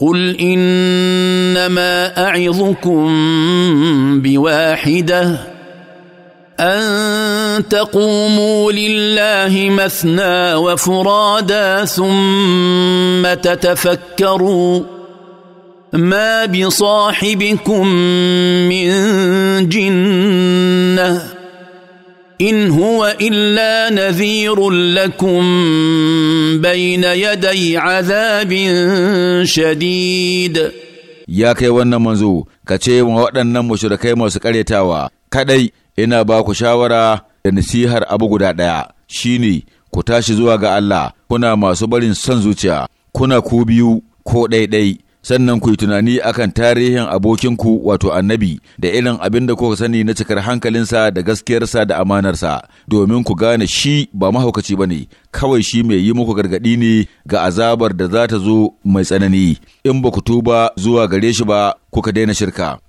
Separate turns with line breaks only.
قل انما اعظكم بواحده ان تقوموا لله مثنى وفرادى ثم تتفكروا ما بصاحبكم من جنه ان هو الا نذير لكم بين يدي azabin شديد
ya kai wannan manzo ka ce wa waɗannan mushrikai masu ƙaretawa Kaɗai ina baku shawara da nasihar abu guda ɗaya shine ku tashi zuwa ga Allah kuna masu barin son zuciya kuna ku biyu ko ɗaiɗai sannan ku yi tunani akan tarihin abokinku wato annabi da irin abin da kuka sani na cikar hankalinsa da gaskiyarsa da amanarsa domin ku gane shi ba mahaukaci ba ne kawai shi mai yi muku gargaɗi ne ga azabar da za ta zo mai tsanani in ba ku tuba zuwa gare shi ba kuka daina shirka